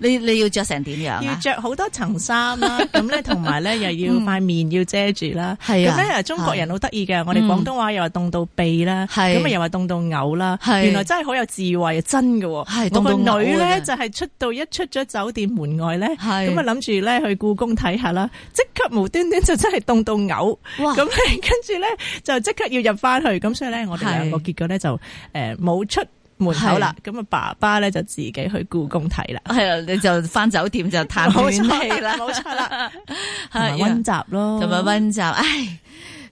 你你要着成點樣？要着好多層衫啦、啊，咁咧同埋咧又要塊面要遮住啦。係啊，咁 咧、嗯啊、中國人好得意嘅，我哋廣東話又話凍到痹啦，咁啊又話凍到嘔啦。原來真係好有智慧，真㗎係我個女咧就係、係、出到一出咗酒店門外咧，咁啊諗住咧去故宮睇下啦，即刻無端端就真係凍到嘔。哇！咁咧跟住咧就即刻要入翻去，咁所以咧我哋兩個結果咧就誒冇、呃、出。門口啦，咁啊爸爸咧就自己去故宮睇啦。係啊，你就翻酒店就嘆暖氣啦，冇錯啦，係温習咯，同埋温習。唉，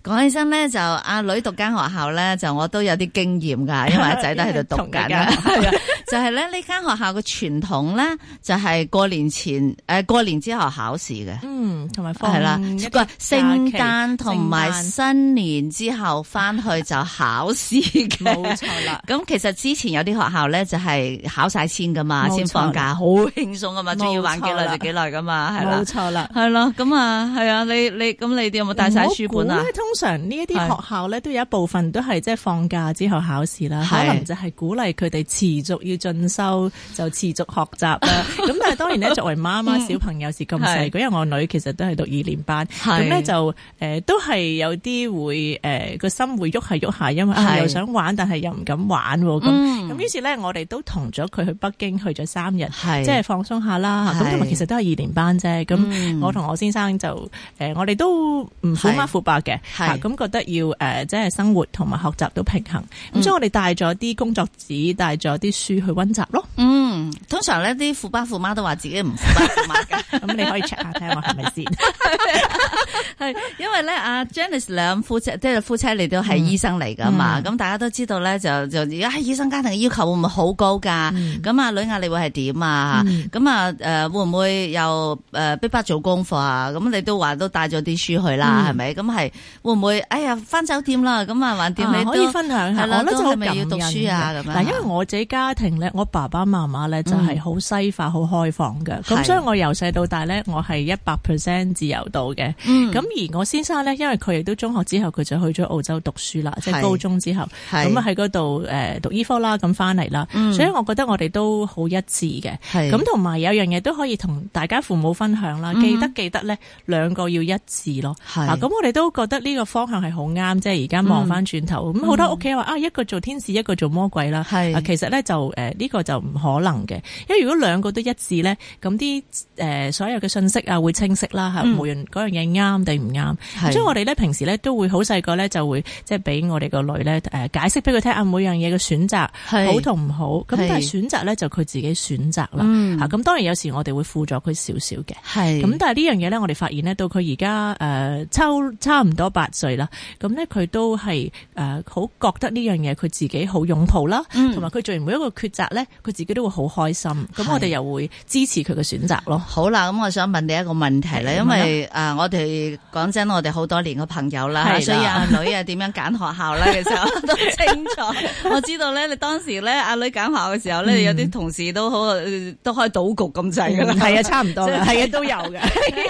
講起身咧就阿女讀間學校咧，就我都有啲經驗噶，因為我仔都喺度讀緊。 一個 就係咧，呢間學校嘅傳統咧，就係、是、過年前誒、呃、過年之後考試嘅，嗯，同埋放一假係啦，聖誕同埋新年之後翻去就考試嘅，冇錯啦。咁其實之前有啲學校咧，就係、是、考曬先噶嘛，先放假，好輕鬆㗎嘛，仲要玩幾耐就幾耐噶嘛，係啦，冇錯啦，係咯，咁啊，係啊，你你咁你哋有冇帶曬書本啊？因為通常呢一啲學校咧，都有一部分都係即係放假之後考試啦，可能就係鼓勵佢哋持續要，進修就持續學習啦，咁但係當然咧，作為媽媽、 嗯，小朋友是咁細，因為我女其實都係讀二年班，咁咧就誒、呃、都係有啲會誒個、呃、心會喐下喐下，因為又想玩，是但係又唔敢玩咁，咁、嗯、於是咧我哋都同咗佢去北京去咗三日，即係、就是、放鬆下啦。咁同埋其實都係二年班啫，咁、嗯、我同我先生就誒、呃、我哋都唔虎媽虎爸嘅，咁、啊、覺得要誒即係生活同埋學習都平衡。咁、嗯、所以我哋帶咗啲工作紙，帶咗啲書。去溫習咯，嗯。通常呢啲富爸富媽都話自己唔富爸富媽噶，咁你可以 check 下聽係咪先？ 係因為咧，阿 Janice 兩夫妻，即係夫妻嚟都係醫生嚟噶嘛，咁、嗯、大家都知道咧，就就而家、哎、醫生家庭嘅要求會唔會好高噶？咁、嗯、啊，女壓力會係點啊？咁啊，誒，會唔會又誒逼逼做功課啊？咁你都話都帶咗啲書去啦，係、嗯、咪？咁係會唔會？哎呀，翻酒店啦，咁啊，還掂？你可以分享下，都係咪要讀書啊？咁樣因為我自己家庭咧、啊，我爸爸媽媽。嗯、就係、是、好西化、好開放嘅，咁所以我由細到大咧，我係一百 percent 自由度嘅。咁、嗯、而我先生咧，因為佢亦都中學之後，佢就去咗澳洲讀書啦，即係、就是、高中之後，咁啊喺嗰度誒讀醫科啦，咁翻嚟啦。所以我覺得我哋都好一致嘅。咁同埋有樣嘢都可以同大家父母分享啦、嗯，記得記得咧兩個要一致咯。咁、啊、我哋都覺得呢個方向係好啱，即係而家望翻轉頭，咁、嗯、好多屋企話啊，一個做天使，一個做魔鬼啦、啊。其實咧就呢、呃呢個就唔可能。嘅，因為如果兩個都一致咧，咁，啲誒所有嘅信息啊會清晰啦，吓、嗯，無論嗰樣嘢啱定唔啱，所以我哋咧平時咧都會好細個咧就會即係俾我哋個女咧誒、呃、解釋俾佢聽啊，每樣嘢嘅選擇好同唔好，咁但係選擇咧就佢自己選擇啦，吓、嗯啊，咁當然有時我哋會輔助佢少少嘅，係，咁但係呢樣嘢咧我哋發現呢，到佢而家誒差差唔多八歲啦，咁咧佢都係誒好覺得呢樣嘢佢自己好擁抱啦，同埋佢做完每一個抉擇咧，佢自己都會好。好開心，咁我哋又會支持佢嘅選擇咯。好啦，咁我想問你一個問題啦，因為誒我哋講真，我哋好多年嘅朋友啦，所以阿女啊點樣揀學校咧其 時候我都清楚。 我知道咧，你當時咧阿女揀學校嘅時候咧、嗯，有啲同事都好、呃、都開賭局咁滯噶啦，係 啊，差唔多啦，係 啊，都有嘅。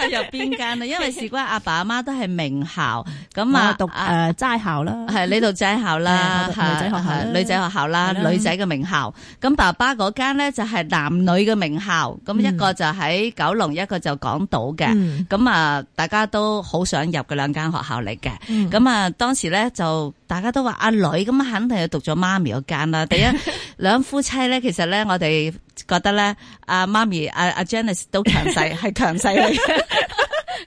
入邊間啊，因為事關阿爸阿媽都係名校，咁 啊讀誒齋、呃、校啦，係呢度齋校啦， 女仔學校，女仔學校啦，女仔嘅名校。咁爸爸嗰間咧。就係男女嘅名校，咁一個就喺九龍，一個就港島嘅，咁、嗯、啊，大家都好想入嘅兩間學校嚟嘅，咁、嗯、啊，當時咧就大家都話阿女咁肯定係讀咗媽咪嗰間啦。第一兩 夫妻咧，其實咧我哋覺得咧，阿媽咪阿阿 Janice 都強勢，係強勢嚟嘅。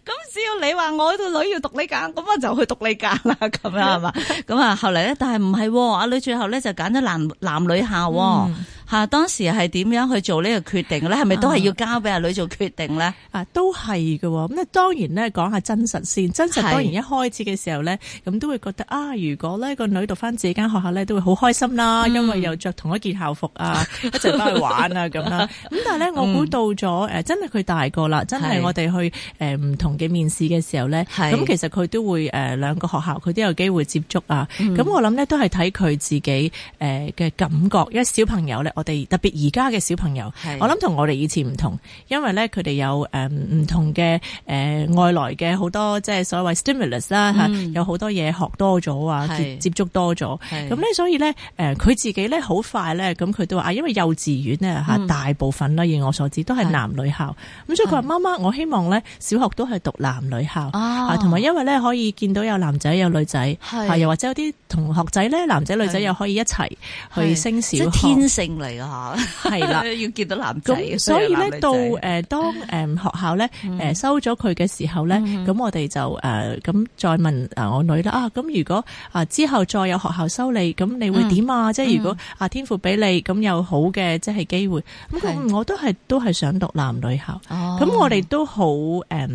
咁 只要你話我個女要讀呢間，咁我就去讀呢間啦，咁啊係嘛？咁啊後嚟咧，但係唔係，阿女最後咧就揀咗男男女校。嗯嚇、啊！當時係點樣去做呢個決定咧？係咪都係要交俾阿女做決定咧、啊？啊，都係嘅。咁啊，當然咧，講下真實先。真實當然一開始嘅時候咧，咁都會覺得啊，如果呢個女讀翻自己間學校咧，都會好開心啦、嗯，因為又着同一件校服 直、 嗯、啊，一齊翻去玩啊咁樣。咁但係咧，我估到咗誒，真係佢大個啦，真係我哋去誒唔同嘅面試嘅時候咧，咁其實佢都會誒兩個學校佢都有機會接觸啊。咁、嗯、我諗咧都係睇佢自己誒嘅感覺，因為小朋友咧。我哋特別而家嘅小朋友，我諗同我哋以前唔同，因為咧佢哋有誒唔、嗯、同嘅誒、呃、外來嘅好多即係所謂 stimulus 啦嚇，有好多嘢學多咗啊，接觸觸多咗，咁咧所以咧佢、呃、自己咧好快咧，咁佢都話啊，因為幼稚園咧、嗯、大部分啦，以我所知都係男女校，咁所以佢話媽媽我希望咧小學都係讀男女校啊，同埋因為咧可以見到有男仔有女仔，又或者有啲同學仔咧男仔女仔又可以一齊去升小，即係天性嚟。係 啊是的，係啦，要見到男仔，所以咧到誒、呃，當誒、呃、學校咧誒、嗯、收咗佢嘅時候咧，咁、嗯嗯、我哋就誒咁、呃、再問誒我女啦啊，咁如果啊之後再有學校收你，咁你會點啊？即、嗯、係如果啊天父俾你，咁有好嘅，即係機會，咁、嗯、我都係都係想讀男女校，咁、哦、我哋都好誒。呃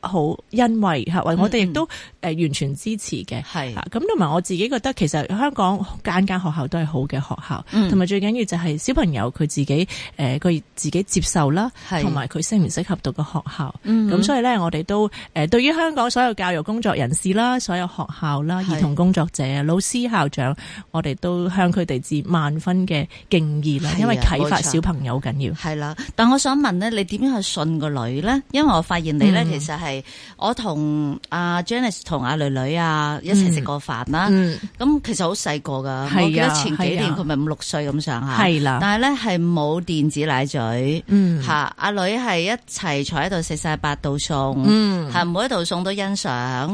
好，欣慰吓我哋亦都誒完全支持嘅，咁同埋我自己覺得其實香港間間學校都係好嘅學校，同、嗯、埋最緊要就係小朋友佢自己誒佢、呃、自己接受啦，同埋佢適唔適合讀個學校，咁、嗯、所以咧我哋都誒對於香港所有教育工作人士啦，所有學校啦，兒童工作者、老師、校長，我哋都向佢哋致萬分嘅敬意啦，因為啟發小朋友緊要。係啦，但我想問咧，你點樣去信個女咧？因為我發現你咧、嗯、其實係。係我同阿 Janice 同阿女女啊一齊食過飯啦，咁、嗯嗯、其實好細個噶，我記得前幾年佢咪五六歲咁上下，係啦、啊啊。但係咧係冇電子奶嘴，吓、嗯、阿女係一齊坐喺度食晒八道餸，係、嗯、每一道餸都欣賞，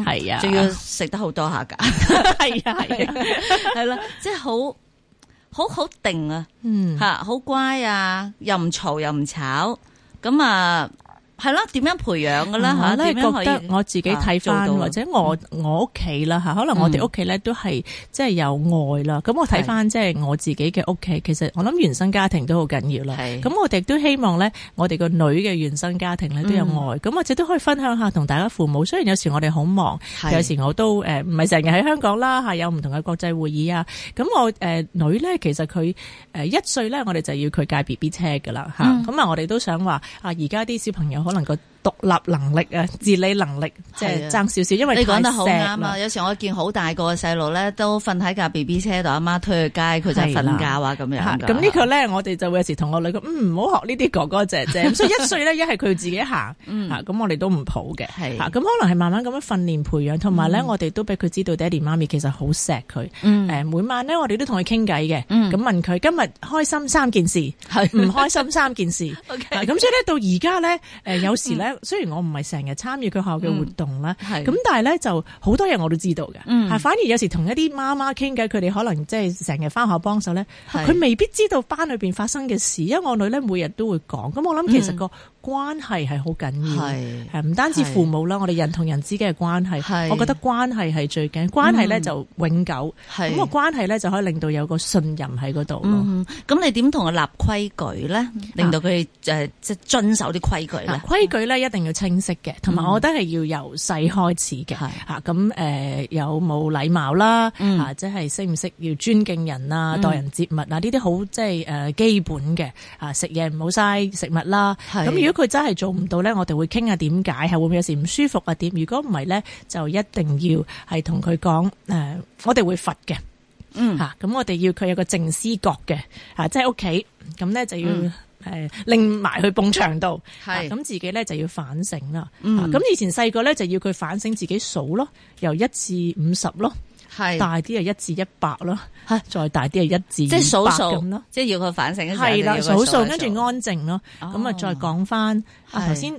係啊，仲要食得好多下噶，係啊，係 啊，係啦、啊，即係好，好 好、啊就是、定啊，吓、嗯、好、啊、乖啊，又唔嘈又唔吵。咁啊。係咯，點樣培養噶啦吓？覺得我自己睇翻、啊、或者我我屋企啦吓，可能我哋屋企咧都係即係有愛啦。咁、嗯、我睇翻即係我自己嘅屋企，其實我諗原生家庭都好緊要啦。咁我哋都希望咧，我哋個女嘅原生家庭咧都有愛。咁我哋都可以分享下同大家父母。雖然有時我哋好忙，有時我都誒唔係成日喺香港啦吓，有唔同嘅國際會議啊。咁我誒女咧，其實佢誒一歲咧，我哋就要佢戒 B B 車噶啦吓。咁、嗯、啊，我哋都想話啊，而家啲小朋友。可能個獨立能力啊、自理能力，即係爭少少，因為你講得好啱啊！有時我見好大個嘅細路咧，都瞓喺架 B B 車度，阿媽推去街，佢就瞓覺啊咁樣。咁、啊、呢個咧，我哋就會有時同我女講：嗯，唔好學呢啲哥哥姐姐。咁 所以一歲咧，一係佢自己行，咁、 嗯啊、我哋都唔抱嘅。咁、啊、可能係慢慢咁樣訓練培養，同埋咧，我哋都俾佢知道，爹哋媽咪其實好錫佢。每晚咧，我哋都同佢傾偈嘅，咁、嗯、問佢今日開心三件事，係唔開心三件事。咁、 okay、所以到而家咧，呃有時咧，雖然我唔係成日參與佢學校嘅活動啦，咁、嗯、但係咧就好多嘢我都知道嘅。係、嗯、反而有時同一啲媽媽傾偈，佢哋可能即係成日返學幫手咧，佢未必知道班裏面發生嘅事，因為我女咧每日都會講。咁我諗其實個。關係係好緊要，係唔單止父母啦，我哋人同人之間嘅關係，我覺得關係係最緊。關係咧就永久，咁、嗯、個關係咧就可以令到有個信任喺嗰度咯。咁、嗯、你點同佢立規矩咧？令到佢誒即係遵守啲規矩呢。規、啊啊、矩咧一定要清晰嘅，同、嗯、埋我覺得係要由細開始嘅。吓咁誒有冇禮貌啦？吓即係識唔識要尊敬人，、嗯、人啊、待人接物，物啊？呢啲好即係誒基本嘅。吓食嘢唔好嘥食物啦。咁如果如果佢真係做唔到咧，我哋會傾下點解，係會唔會有時唔舒服啊？點？如果唔係咧，就一定要係同佢講誒，我哋會罰嘅，嗯吓，咁、啊、我哋要佢有個靜思覺嘅吓、啊，即係屋企咁咧就要誒拎埋去埲牆度，係、嗯、咁、啊、自己咧就要反省啦，咁、嗯啊、以前細個咧就要佢反省自己數咯，由一至五十咯。係大啲、哦、啊，一至一百咯，吓再大啲啊，一至即係數數咁咯，即係要佢反省一係啦，數數跟住安靜咯，咁啊再講翻啊頭先。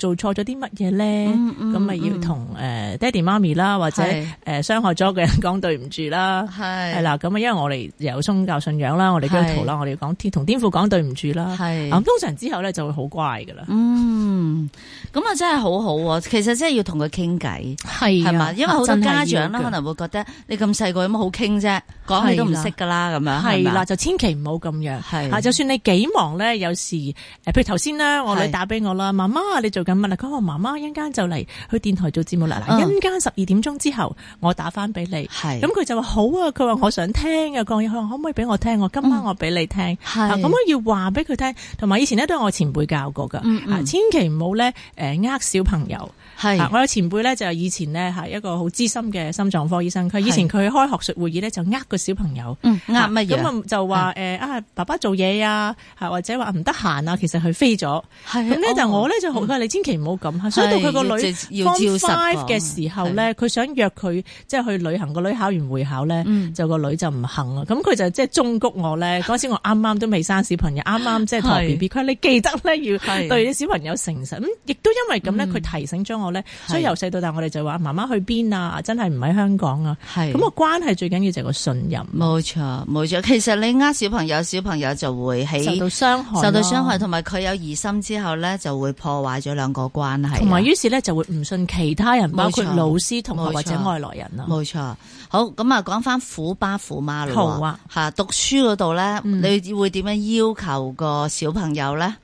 做錯咗啲乜嘢咧？咁、嗯、咪、嗯、要同誒、嗯呃、爹地媽咪啦，或者誒、呃、傷害咗嘅人講對唔住啦。係係啦，咁啊，因為我哋有宗教信仰教啦，我哋基督徒啦，我哋講同天父講對唔住啦。係咁通常之後咧就會好乖㗎啦。嗯，咁啊真係好好喎。其實真係要同佢傾偈係啊，因為好多家長啦可能會覺得的的你咁細個有乜好傾啫，講嘢都唔識㗎啦，咁樣係啦，就千祈唔好咁樣。係就算你幾忙咧，有時譬、呃、如頭先啦，我女打俾我啦，媽媽你做。問啦，佢話媽媽一間就嚟去電台做節目啦，一間十二點鐘之後我打翻俾你。咁佢就話好啊，佢話、嗯、我想聽啊，講嘢向可唔可以俾我聽？我、嗯、今晚我俾你聽。咁、啊、我要話俾佢聽，同埋以前咧都係我前輩教過噶、嗯嗯啊。千祈唔好咧誒呃小朋友。啊、我有前輩咧就係以前咧係一個好資深嘅心臟科醫生，佢以前佢開學術會議咧就呃個小朋友，呃乜嘢咁啊就話誒、嗯欸、啊爸爸做嘢啊，或者話唔得閒啊，其實佢飛咗。咁咧、嗯啊、就我咧就好，你千祈唔好咁，所以到佢個女方 five 嘅時候咧，佢想約佢即係去旅行。個女考完會考咧，嗯、就個女就唔肯啦。咁佢就即係忠告我咧。嗰時我啱啱都未生小，剛剛寶寶小朋友，啱啱即係托 B B。佢話你記得咧要對啲小朋友誠實。咁亦都因為咁咧，佢提醒咗我咧、嗯，所以由細到大我哋就話媽媽去邊啊，真係唔喺香港啊。係咁個關係，最緊要就係個信任。冇錯，冇錯。其實你呃小朋友，小朋友就會受到傷害，受到傷害，害，同埋佢有疑心之後咧，就會破壞咗兩。個關係，同埋於是咧就會唔信其他人，包括老師同學或者外來人啦。冇錯，好咁啊，講翻虎爸虎媽好啊，吓讀書嗰度咧，你會點樣要求個小朋友咧？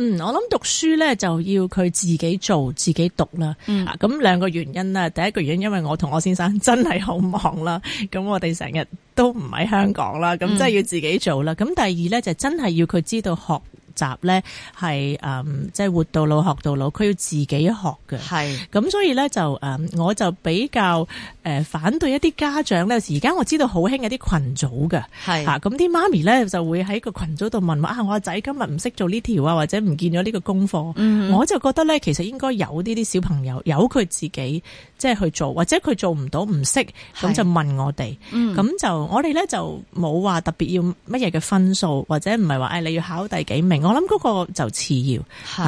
嗯，我諗讀書咧就要佢自己做、自己讀啦。咁、嗯、兩個原因啦，第一個原因因為我同我先生真係好忙啦，咁我哋成日都唔喺香港啦，咁真係要自己做啦。咁、嗯、第二咧就真係要佢知道學。習咧係誒，即係活到老學到老，佢要自己學嘅。係咁，所以咧就誒，我就比較誒反對一啲家長咧。而家我知道好興一啲群組嘅，係吓咁啲媽咪咧就會喺個群組度問話啊，我阿仔今日唔識做呢條啊，或者唔見咗呢個功課。嗯。我就覺得咧，其實應該有呢啲小朋友由佢自己即係去做，或者佢做唔到唔識，咁就問我哋。嗯，咁就我哋咧就冇話特別要乜嘢嘅分數，或者唔係話誒你要考第幾名。我諗嗰個就次要，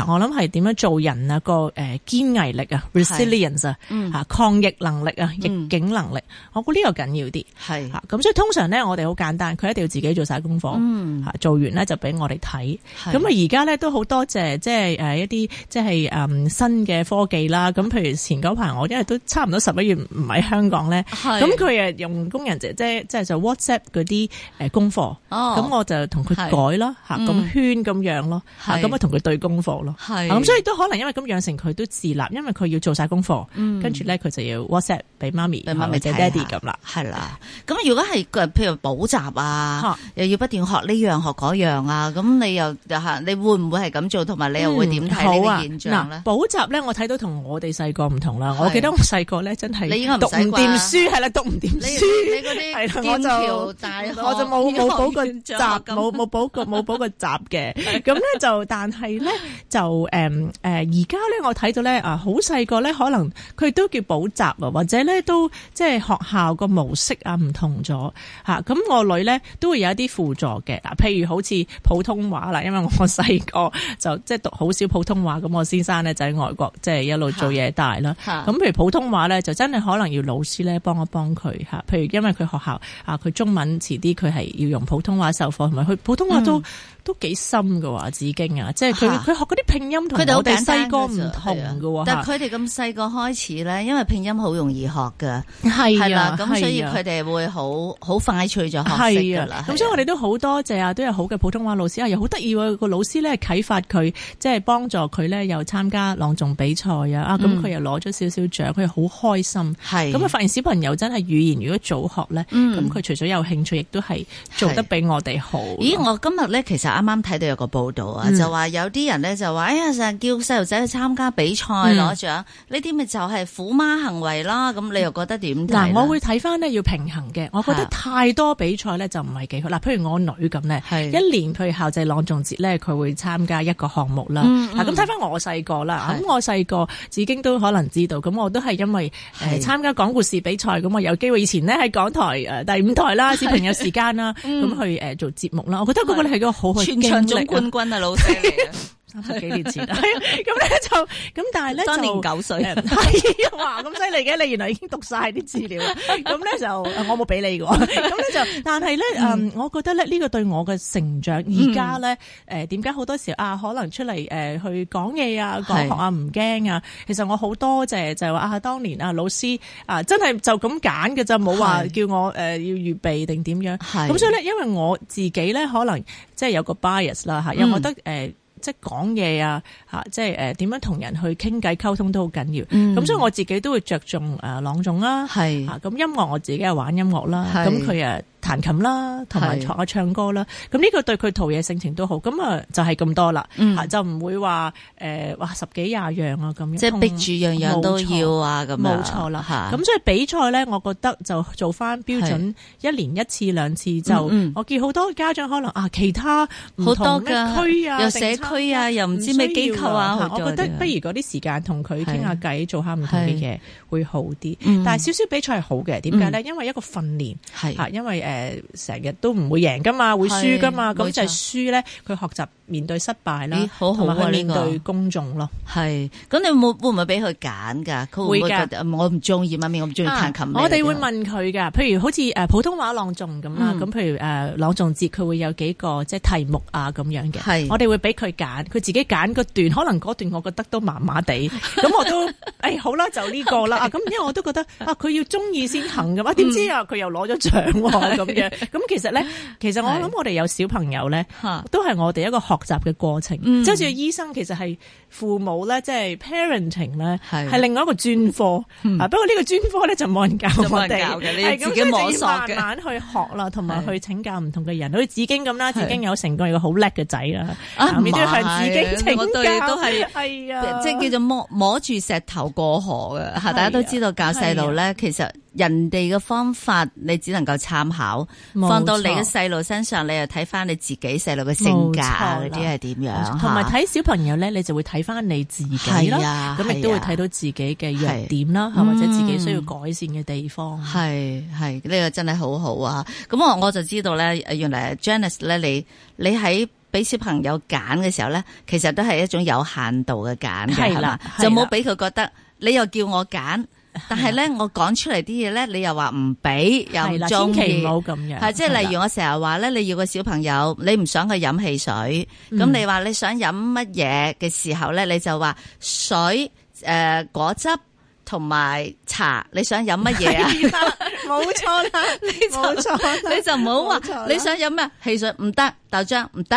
我諗係點樣做人啊個誒堅毅力啊 resilience 啊、嗯、吓抗疫能力啊逆、嗯、境能力，我估呢個緊要啲。係咁，所以通常咧我哋好簡單，佢一定要自己做晒功課、嗯，做完咧就俾我哋睇。咁啊而家咧都好多謝即係誒一啲即係誒新嘅科技啦。咁譬如前嗰排我因為都差唔多十一月唔喺香港咧，咁佢誒用工人姐姐即係就是、WhatsApp 嗰啲誒功課，咁、哦、我就同佢改啦吓，咁圈咁樣。樣咯，咁咪同佢對功課咯，咁、啊、所以都可能因為咁養成佢都自立，因為佢要做晒功課，跟住咧佢就要 WhatsApp 俾媽咪、媽咪咪仔、爹哋咁啦，係啦。咁如果係譬如補習啊，又要不斷學呢樣學嗰樣啊，咁你又你會唔會係咁做？同埋你又會點睇、嗯、好啊呢個現象呢，補習咧，我睇到同我哋細個唔同啦。我記得我細個咧真係，你應該讀唔掂書，係、啊、啦，讀唔掂書。你嗰啲劍橋大學， 我就冇冇補過習，冇冇補過冇補過習嘅。 咁 咧就，但係咧就，誒、嗯、誒，而家咧我睇到咧，啊，好細個咧，可能佢都叫補習啊，或者咧都即係學校個模式啊唔同咗吓。咁我女咧都會有一啲輔助嘅嗱、啊，譬如好似普通話啦，因為我細個就即係、就是、讀好少普通話，咁我先生咧就喺外國即係、就是、一路做嘢大啦。咁、啊、譬如普通話咧，就真係可能要老師咧幫一幫佢吓。譬如因為佢學校啊，佢中文遲啲佢係要用普通話授課，同埋佢普通話都。嗯都幾深噶，紙經啊，即係佢佢學嗰啲拼音西同佢哋細個唔同噶。但係佢哋咁細個開始咧，因為拼音好容易學噶，係啦、啊，咁、啊、所以佢哋會好好、啊、快脆咗學識噶啦。咁、啊啊、所以我哋都好多謝啊，都有好嘅普通話老師，又好得意個老師咧啟發佢，即係幫助佢咧又參加朗誦比賽啊。啊、嗯，咁佢又攞咗少少獎，佢又好開心。咁啊，發現小朋友真係語言如果早學咧，咁、嗯、佢除咗有興趣，亦都係做得比我哋好、啊。咦，我今日咧其實、啊。啱啱睇到有個報道啊、嗯，就話有啲人咧就話，哎呀成日叫細路仔去參加比賽攞獎，呢啲咪就係虎媽行為啦。咁你又覺得點？嗱，我會睇翻，呢，要平衡嘅，我覺得太多比賽咧就唔係幾好。嗱，譬如我女咁咧，一年譬如校際朗誦節咧，佢會參加一個項目啦。嗱、嗯嗯，咁睇翻我細個啦，咁我細個至經都可能知道，咁我都係因為誒參加講故事比賽，咁我有機會以前呢，喺港台誒第五台啦，小朋友時間啦，咁、嗯、去誒做節目啦。我覺得嗰個係個好好。全場總冠軍啊，老細嚟嘅。三十幾年前係咁咧就咁，但係咧年九歲，係 啊，咁犀利嘅，你原來已經讀晒啲資料，咁 咧 就我冇俾你嘅，咁咧就但係咧，嗯，嗯，我覺得咧呢個對我嘅成長，而家咧誒，點解好多時候啊，可能出嚟，誒、呃、去講嘢啊，講學啊，唔驚啊，其實我好多謝就係話啊，當年啊，老師啊，真係就咁揀嘅，就冇話叫我誒要預備定點樣，咁所以咧，因為我自己咧可能即係有個 bias 啦吓，又覺得誒。嗯呃即係講嘢啊，吓即係誒，點樣同人去傾偈溝通都好緊要。咁、嗯、所以我自己都會着重誒朗誦啦，吓咁音樂我自己係玩音樂啦，咁佢啊。彈琴啦，同埋唱歌啦，咁呢個對佢陶冶性情都好。咁啊就係咁多啦，嗯、就唔會話誒哇十幾廿樣啊咁樣。即係逼住樣樣都要啊咁。冇錯啦，嚇咁所以比賽咧，我覺得就做翻標準，一年一次兩次就。我見好多家長可能啊其他好、啊、多嘅區啊，有社區啊，啊，又唔知咩機構啊，啊，多啊，我覺得不如嗰啲時間同佢傾下偈，做下唔同嘅嘢會好啲。嗯、但係少少比賽係好嘅，點解咧？嗯、因為一個訓練因為誒成日都唔會贏噶嘛，會輸噶嘛，咁就係輸咧。佢學習。面對失敗啦，同埋、啊、面對公眾咯。係、這個，咁你會會唔會俾佢揀㗎？會㗎。我唔中意媽咪，我唔中意彈琴。我哋會問佢㗎，譬如好似誒普通話朗誦咁啦，咁、嗯、譬如誒、啊、朗誦節，佢會有幾個即係題目啊咁樣嘅。係。我哋會俾佢揀，佢自己揀個段，可能嗰段我覺得都麻麻地，咁 我都誒、哎、好啦，就呢個啦。咁、okay. 啊、因為我都覺得啊，佢要中意先行嘅話，點、啊、知、嗯、又佢又攞咗獎喎咁樣。咁其實咧，其實我諗我哋有小朋友咧，都係我哋一個學。學習嘅過程，即係做醫生，其實係父母咧，即、就、係、是、parenting 咧，係係另外一個專科啊、嗯。不過呢個專科咧就冇人教我哋，係咁，所以慢慢去學啦，同埋去請教唔同嘅人。好似子京咁啦，子京有成個個好叻嘅仔啦，面都要向子京請教，都係係啊，即係叫做摸摸住石頭過河嘅吓。大家都知道教細路咧，其實。人哋嘅方法，你只能夠參考，放到你嘅細路身上，你又睇翻你自己細路嘅性格嗰啲係點樣？同埋睇小朋友咧，你就會睇翻你自己啦。咁、啊啊、你都會睇到自己嘅弱點啦，或者自己需要改善嘅地方。係係呢個真係好好啊！咁我我就知道咧，原來 Janice 咧，你你喺俾小朋友揀嘅時候咧，其實都係一種有限度嘅揀。係係，就冇俾佢覺得你又叫我揀。但係咧，我講出嚟啲嘢咧，你又話唔俾，又唔中意，唔好咁樣。係即係例如我成日話咧，你要個小朋友，你唔想佢飲汽水，咁、嗯、你話你想飲乜嘢嘅時候咧，你就話水、誒、呃、果汁同埋茶，你想飲乜嘢啊？冇錯 錯啦，冇 錯啦，你就唔好話你想飲咩汽水唔得。豆漿唔得，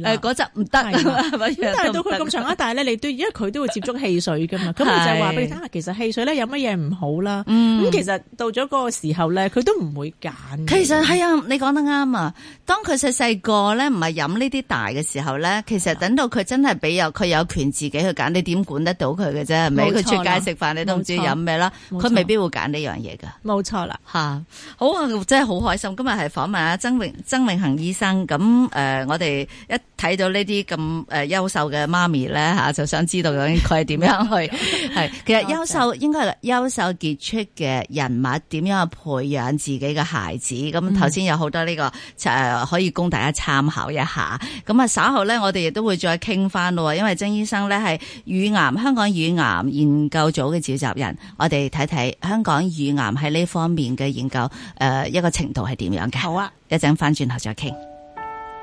係 果汁唔得，係咪？ 但係到佢咁長一大咧，你 都因為佢都會接觸汽水噶嘛，咁就係話俾你聽下，其實汽水咧有乜嘢唔好啦？咁、嗯、其實到咗嗰個時候咧，佢都唔會揀。其實係啊，你講得啱啊。當佢細細個咧唔係飲呢啲大嘅時候咧，其實等到佢真係俾有佢有權自己去揀，你點管得到佢嘅啫？係咪？佢出街食飯，你都唔知飲咩啦。佢未必會揀呢樣嘢噶。冇錯啦，吓，好啊，真係好開心。今日係訪問阿曾永曾永恆醫生。咁誒、呃，我哋一睇到呢啲咁誒優秀嘅媽咪咧吓、啊，就想知道佢係點樣去係。 其實優秀應該係優秀傑出嘅人物，點樣去培養自己嘅孩子？咁頭先有好多呢、這個、嗯、可以供大家參考一下。咁啊稍後咧，我哋亦都會再傾翻咯。因為曾醫生咧係乳癌，香港乳癌研究組嘅召集人，我哋睇睇香港乳癌喺呢方面嘅研究誒、呃，一個程度係點樣嘅？好啊，一陣翻轉頭再傾。